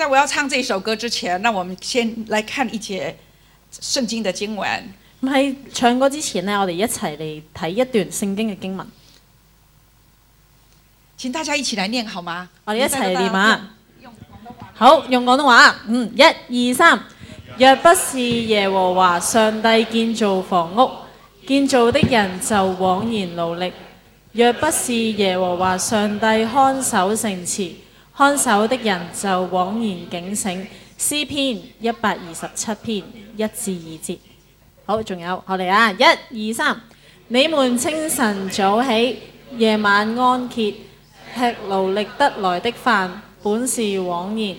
在我要唱這首歌之前，那我們先來看一節聖經的經文。喺唱歌之前咧，我哋一齊嚟睇一段聖經嘅經文，請大家一起來念好嗎？我哋一齊念啊！好，用廣東話。嗯，一二三。若不是耶和華上帝建造房屋，建造的人就枉然勞力；若不是耶和華上帝看守城池。看守的人就枉然警醒，詩篇一百二十七篇一至二節。好，仲有我哋啊，一、二、三。你們清晨早起，夜晚安歇，吃勞力得來的飯，本是枉然；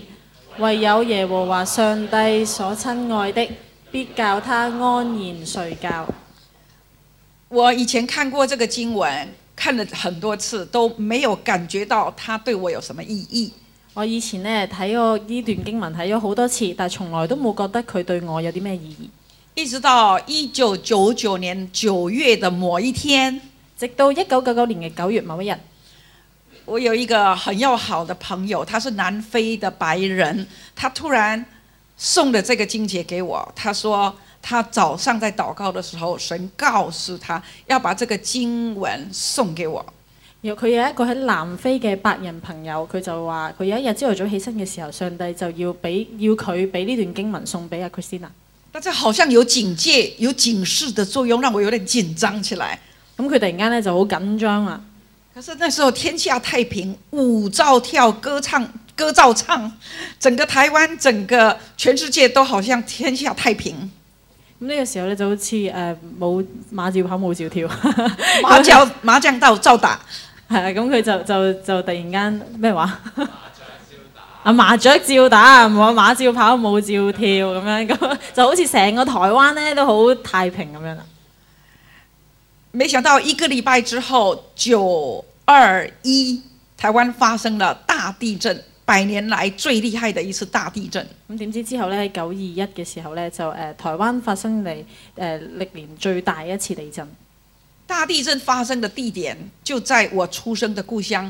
唯有耶和華上帝所親愛的，必教他安然睡覺。我以前看過這個經文，看了很多次，都沒有感覺到它對我有什麼意義。我以前呢睇過呢段經文睇咗好多次，但從來都冇覺得佢對我有啲咩意義，一直到一九九九年九月的某一天，直到一九九九年嘅九月某一日，我有一個很要好的朋友，他是南非的白人，他突然送的這個經節給我，他說他早上在禱告的時候，神告訴他要把這個經文送給我。又佢有一個喺南非嘅白人朋友，佢就話：佢有一日朝頭早起身嘅時候，上帝就要俾要佢俾呢段經文送俾阿 Christina。但係好像有警戒、有警示的作用，讓我有點緊張起來。咁佢突然間咧就好緊張啊！可是嗰時候天下太平，舞照跳，歌唱歌照唱，整個台灣、整個全世界都好像天下太平。咁呢個時候咧就好似誒冇馬照跑，冇照跳，麻將麻將到照打。係啊，咁佢就就就，就突然間咩話？麻雀照打啊， 麻雀冇馬照跑，舞照跳咁 樣咁，就好似成個台灣咧都好太平咁樣啦。沒想到一個禮拜之後，九二一台灣發生了大地震，百年來最厲害的一次大地震。咁點知之後咧，九二一嘅時候咧，就誒、呃、台灣發生嚟誒歷年最大一次地震。大地震發生的地點就在我出生的故鄉。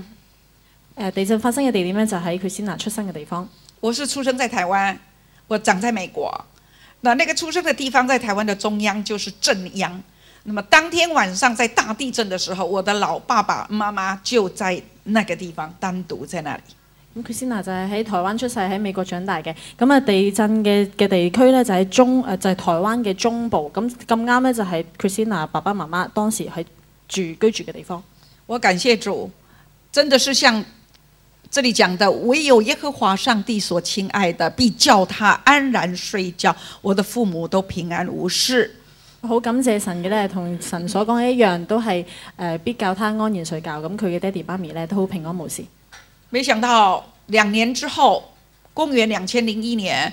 誒，地震發生的地點呢，就喺佢先娜出生嘅地方。我是出生在台灣，我長在美國。那那個出生的地方在台灣的中央，就是鎮央。那麼當天晚上在大地震的時候，我的老爸爸媽媽就在那個地方單獨在那裡。咁 Christina 就係喺台灣出世，喺美國長大嘅。咁啊地震嘅嘅地區咧就喺中，誒就係台灣嘅中部，咁咁啱咧就係 Christina 爸爸媽媽當時喺住居住嘅地方。我感謝主，真的是像這裏講的，唯有耶和華上帝所親愛的，必叫他安然睡覺。我的父母都平安無事。好感謝神嘅咧，同神所講嘅一樣，都係誒必叫他安然睡覺。咁佢嘅爹哋媽咪咧都好平安無事。沒想到兩年之後，公元兩千零一年，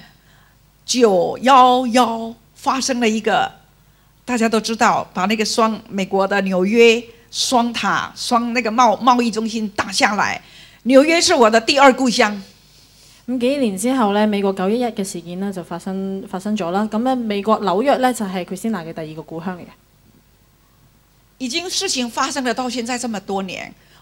九幺幺發生了一個大家都知道，把那個雙美國的紐約雙塔雙那個貿貿易中心打下來。紐約是我的第二故鄉。咁幾年之後呢，美國九一一嘅事件呢就發生發生咗啦。咁美國紐約呢，就係 Quisna 嘅第二個故鄉嚟嘅。已經事情發生了到現在這麼多年。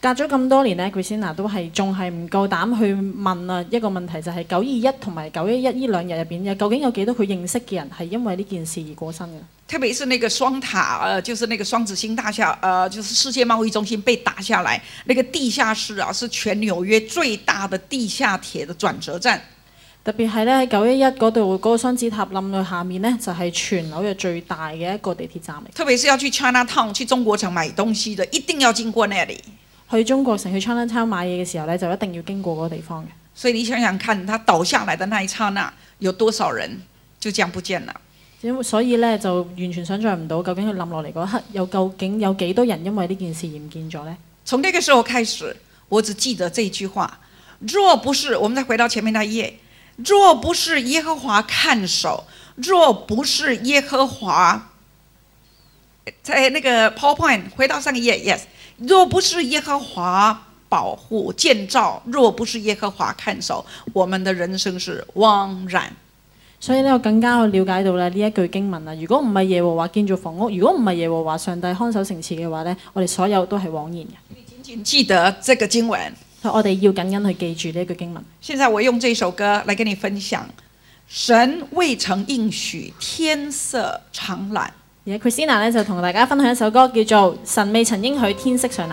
隔咗咁多年咧，佢先 a 都係仲係唔夠膽去問啊，一個問題就係九二一同埋九一一呢兩日入邊，究竟有幾多佢認識嘅人係因為呢件事而過身嘅？特別是那個雙塔，呃，就是那個雙子星大廈，呃，就是世界貿易中心被打下來，那個地下室啊，是全紐約最大的地下鐵的轉折站。特別係咧，九一一嗰度，嗰、那個雙子塔冧到下面呢，就係全紐約最大嘅一個地鐵站嚟。特別是要去 China Town 去中國城買東西的，一定要經過嗰度。去中國城去 China Town 買嘢嘅時候呢，就一定要經過嗰個地方嘅。所以你想想看，他倒下來的那一剎那，有多少人就這樣唔見啦？所以呢，就完全想像唔到，究竟佢冧落嚟嗰刻，又究竟有幾多人因為呢件事而唔見咗呢？從呢個時候開始，我只記得這一句話：若不是我們再回到前面那頁，若不是耶和華看守，若不是耶和華，在、哎、那個 PowerPoint 回到上個頁 yes。若不是耶和華保護建造，若不是耶和華看守，我們的人生是枉然。所以呢，我更加去了解到呢一句經文，如果唔係耶和華建造房屋，如果唔係耶和華上帝看守城池嘅話呢，我哋所有都係枉然嘅。僅僅記得這個經文，我哋要緊緊去記住呢句經文。現在我用這首歌來跟你分享，神未曾應許，天色常藍。而 Christina 咧就同大家分享一首歌，叫做《神未曾應許天色常藍》。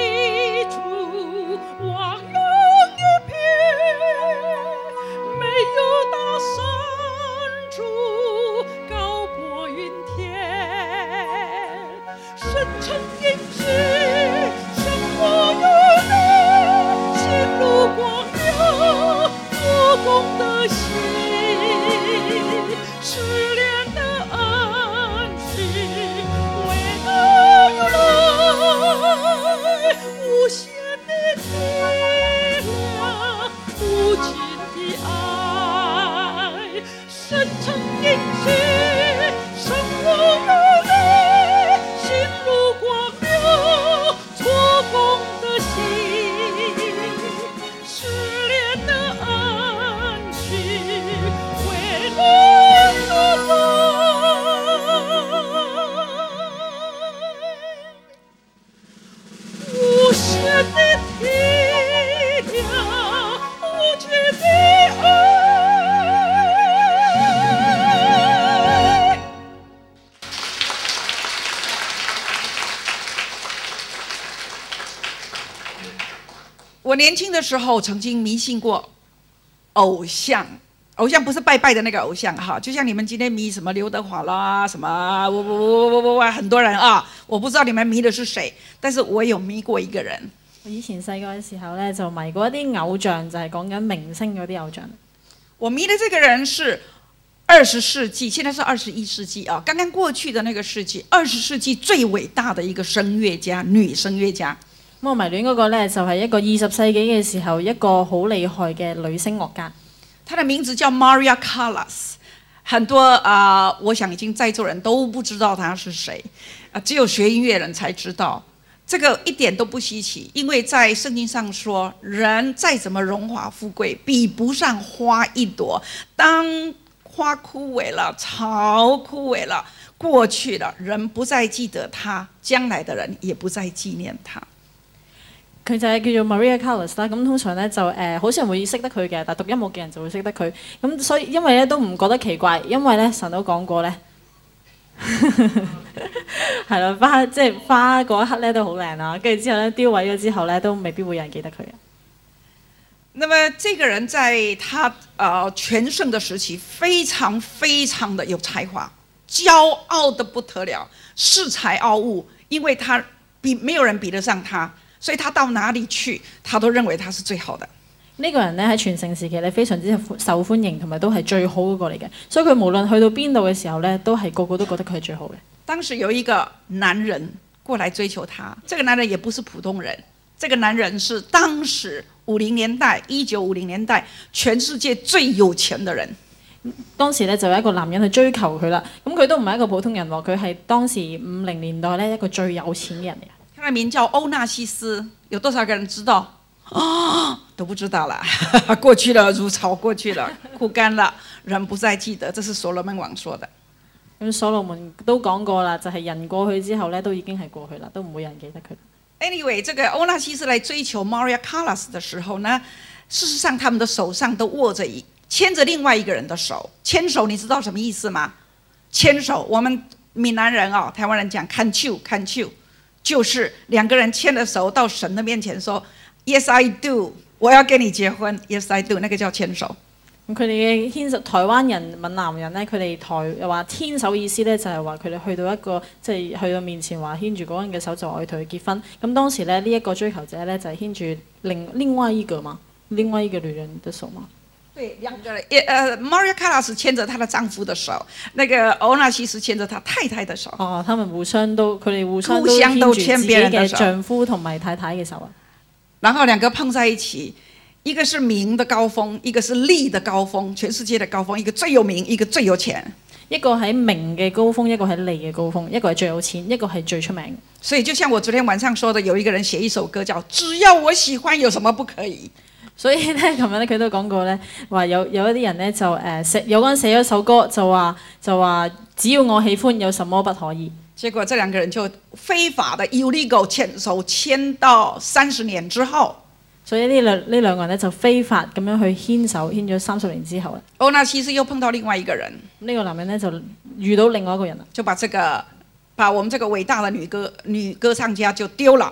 年輕的時候曾經迷信過偶像，偶像不是拜拜的那個偶像哈，就像你們今天迷什麼劉德華啦什麼，我我我我我很多人啊，我不知道你們迷的是誰，但是我有迷過一個人。我以前細個的時候呢，就迷過一啲偶像，就係講緊明星嗰啲偶像。我迷的這個人是二十世紀，現在是二十一世紀啊，剛剛過去的那個世紀，二十世紀最偉大的一個聲樂家，女聲樂家。莫迷戀嗰個呢，就係、是、一個二十世紀嘅時候一個好厲害嘅女聲樂家。她的名字叫 Maria Callas。很多啊、呃，我想已經在座人都不知道她是誰，啊，只有學音樂人才知道。這個一點都不稀奇，因為在聖經上說，人再怎麼榮華富貴，比不上花一朵。當花枯萎了，草枯萎了，過去了，人不再記得她，將來的人也不再紀念他。佢就係叫做 Maria Callas 啦，咁通常咧就誒、呃，好少人會識得佢嘅，但係讀音樂嘅人就會識得佢。咁所以因為咧都唔覺得奇怪，因為咧神都講過咧，係 啦，花即係、就是、花嗰一刻咧都好靚啦，跟住之後咧凋萎咗之後咧都未必會有人記得佢。那麼，這個人在他啊、呃、全盛的時期，非常非常的有才華，驕傲得不得了，恃才傲物，因為他比沒有人比得上他。所以他到哪裏去，他都認為他是最好的。呢個人呢，喺全盛時期咧非常之受歡迎，同埋都係最好嗰個嚟嘅。所以佢無論去到邊度嘅時候呢，都係個個都覺得佢係最好嘅。當時有一個男人過來追求她，這個男人也不是普通人，這個男人是當時五零年代一九五零年代全世界最有錢的人。當時呢，就有一個男人去追求佢啦，咁佢都唔係一個普通人喎，佢係當時五零年代呢一個最有錢嘅人。他名叫歐納西斯，有多少個人知道？啊、哦，都不知道了。過去了如潮，過去了枯乾了，人不再記得。這是所羅門王說的。因咁所羅門都講過了。就是人過去之後呢，都已經係過去了，都唔會有人記得佢。Anyway，這個歐納西斯來追求 Maria Callas 的時候呢，事實上他們的手上都握着一牽着另外一個人的手，牽手，你知道什麼意思嗎？牽手，我們閩南人哦，台灣人講 kantu kantu。看就是兩個人牽的手到神的面前說，Yes I do，我要跟你結婚。Yes I do，那個叫牽手。佢哋嘅牽手台灣人閩南人咧，佢哋台又話牽手意思咧就係話佢哋去到一個即係、就是、去到面前話牽住嗰人嘅手就愛同佢結婚。咁當時咧呢一、這個追求者咧就係、是、牽住另另外一個嘛，另外一個女人的手嘛。對兩個呃，Maria Callas 是牽着她的丈夫的手，那個 Onassis 牽着她太太的手。哦，他們互相都，佢哋互相都牽別人的丈夫同埋太太嘅手啊，然後兩個碰在一起，一個是名的高峰，一個是利的高峰，全世界的高峰，一個最有名，一個最有錢，一個係名嘅高峰，一個係利嘅高峰，一個係最有錢，一個係最出名的。所以就像我昨天晚上說的，有一個人寫一首歌叫《只要我喜歡》，有什麼不可以？所以咧，琴日咧佢都講過咧，話有有一啲人咧就誒寫有個人寫咗首歌就，就話就話只要我喜歡，有什麼不可以？結果，這兩個人就非法的要 illegal 牽手牽到三十年之後。所以呢兩呢兩個人咧就非法咁樣去牽手牽咗三十年之後啦。歐、哦、娜其實又碰到另外一個人，呢、這個男人咧就遇到另外一個人啦，就把這個把我們這個偉大的女歌女歌唱家就丟了。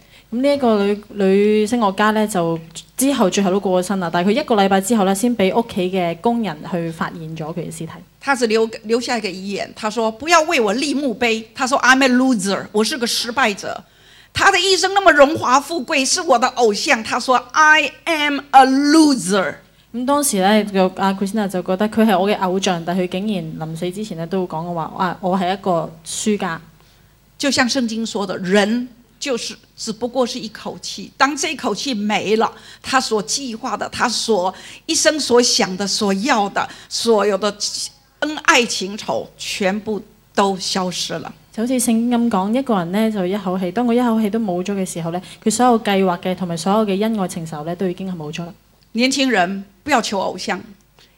咁呢一個女女星樂家咧，就之後最後都過咗身啦。但係佢一個禮拜之後咧，先俾屋企嘅工人去發現咗佢嘅屍體。他只留留下一個遺言，他說：不要為我立墓碑。他說：I'm a loser，我是個失敗者。他的一生那麼榮華富貴，是我的偶像。他說：I am a loser。咁當時咧，就阿 Kristina 就覺得佢係我嘅偶像，但係佢竟然臨死之前咧都會講嘅話：，啊，我係一個輸家。就像聖經說的，人。就是只不過是一口氣，當這一口氣沒了，他所計劃的，他所一生所想的、所要的、所有的恩愛情仇，全部都消失了。就好似聖經咁講，一個人呢就一口氣，當我一口氣都冇咗嘅時候呢，佢所有計劃嘅同埋所有嘅恩愛情仇呢，都已經係冇咗。年輕人不要求偶像，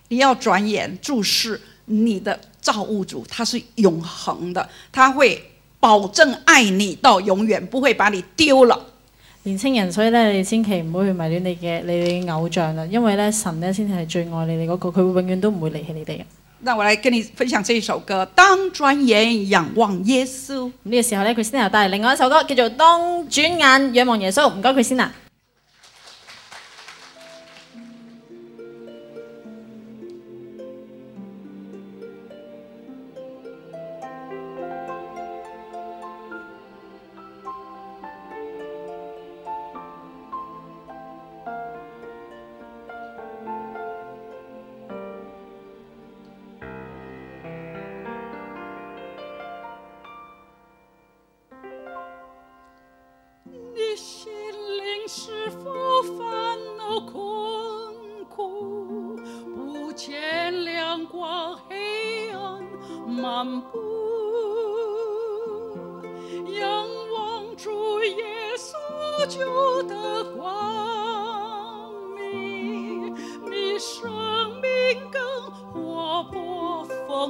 你要轉眼注視你的造物主，他是永恆的，他會。保證愛你到永遠不會把你丟了，年輕人，所以咧，你千祈唔好去迷戀你嘅你嘅偶像啦，因為咧，神咧先係最愛你哋嗰個，佢會永遠都唔會離棄你哋嘅。那我來跟你分享這一首歌《當轉眼仰望耶穌》。呢個時候咧，佢先啊帶嚟另外一首歌，叫做《當轉眼仰望耶穌》。唔該，佢先啦。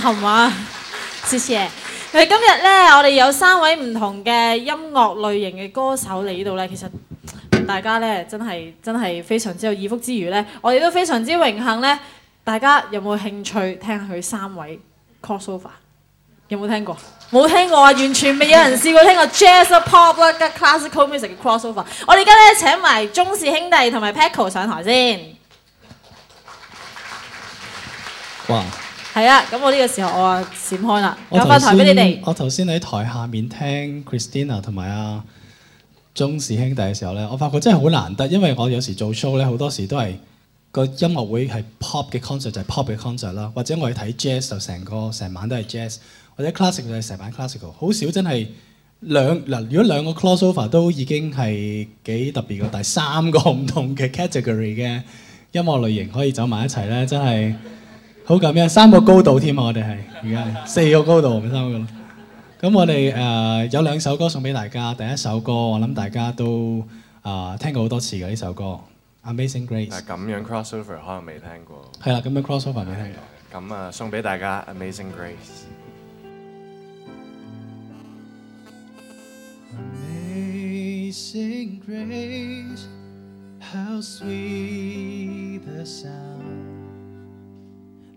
係嘛，謝謝。誒，今日咧，我哋有三位唔同嘅音樂類型嘅歌手嚟呢度咧，其實大家咧真係真係非常之有耳福之餘咧，我哋都非常之榮幸咧。大家有冇興趣聽下佢三位 crossover？有冇聽過？冇聽過啊，完全未有人試過聽過 jazz、 pop classical music 嘅 crossover。我哋而家咧請埋鍾氏兄弟同埋 Paco 上台先。哇！係啊，咁我呢個時候我啊閃開啦，有翻台俾你哋。我頭先喺台下面聽 Christina 同埋阿鐘氏兄弟嘅時候咧，我發覺真係好難得，因為我有時做 show 咧，好多時都係個音樂會係 pop 嘅 concert 就 pop 嘅 concert 啦，或者我哋睇 jazz 就成個成晚都係 jazz，或者 classical 就成晚 classical，好少真係兩嗱，如果兩個 cross over 都已經係幾特別嘅，但係三個唔同嘅 category 嘅音樂類型可以走埋一齊咧，真係～好咁樣，三個高度添啊！我哋係而家係四個高度，唔係三個咯。咁我哋誒有兩首歌送俾大家。第一首歌我諗大家都誒聽過好多次嘅，呢首歌《Amazing Grace》。係咁樣 cross over，可能未聽過。係啦，咁樣 cross over 未聽過。咁啊，送俾大家《Amazing Grace》。Amazing Grace, How sweet the sound.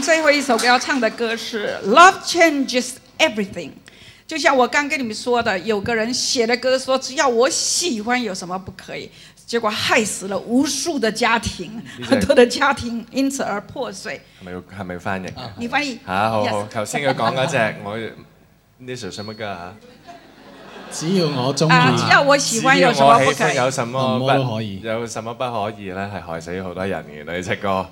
最後一首歌要唱的歌是《Love Changes Everything》，就像我剛跟你們說的，有個人寫的歌說只要我喜歡有什麼不可以，結果害死了無數的家庭，很多的家庭因此而破碎。係咪係咪翻譯。Oh, right. 你翻譯、啊。好好，頭先佢講嗰隻， 我呢首算乜歌？只要我中意，只要我喜歡,、uh, 我喜歡有什麼不可以，有什麼不可以、嗯、可以？有什麼不可以呢？係害死好多人嘅原來呢隻歌。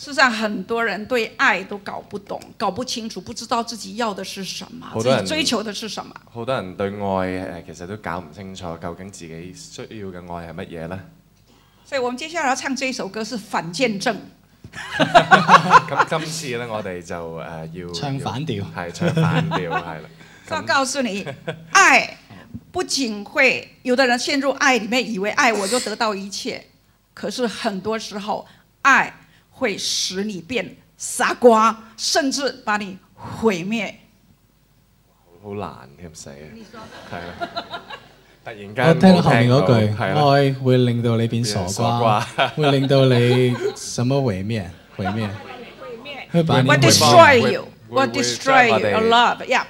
事實上很多人對愛都搞不懂，搞不清楚，不知道自己要的是什麼，自己追求的是什麼。好多人對愛其實都搞唔清楚，究竟自己需要嘅愛係乜嘢呢？所以，我們接下來要唱這一首歌是《反見證》。今 次呢，我哋就，uh, 要唱反調，係 唱反調，係 啦。我 告訴你，愛不僅會，有的人陷入愛裏面，以為愛我就得到一切， 可是很多時候，愛。會使你變傻瓜，甚至把你毀滅。好難聽死啊！突然間我聽到後面嗰句，愛 會令到你變傻瓜，傻瓜 會令到你什麼毀滅？毀滅。 會把你毀滅。I destroy you. I destroy your love. Yeah.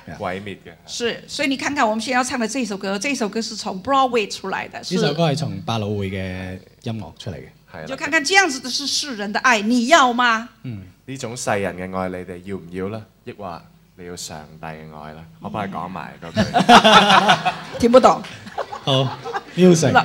是，所以你看看我們現在要唱的這首歌，這首歌是從 Broadway 出來的。這首歌係從百老匯嘅音樂出嚟嘅。就看看這樣子的是世人的愛，你要嗎？嗯，呢種世人嘅愛你哋要唔要呢？抑或你要上帝嘅愛呢？嗯？我幫你講埋咁樣。 聽不懂。好，music。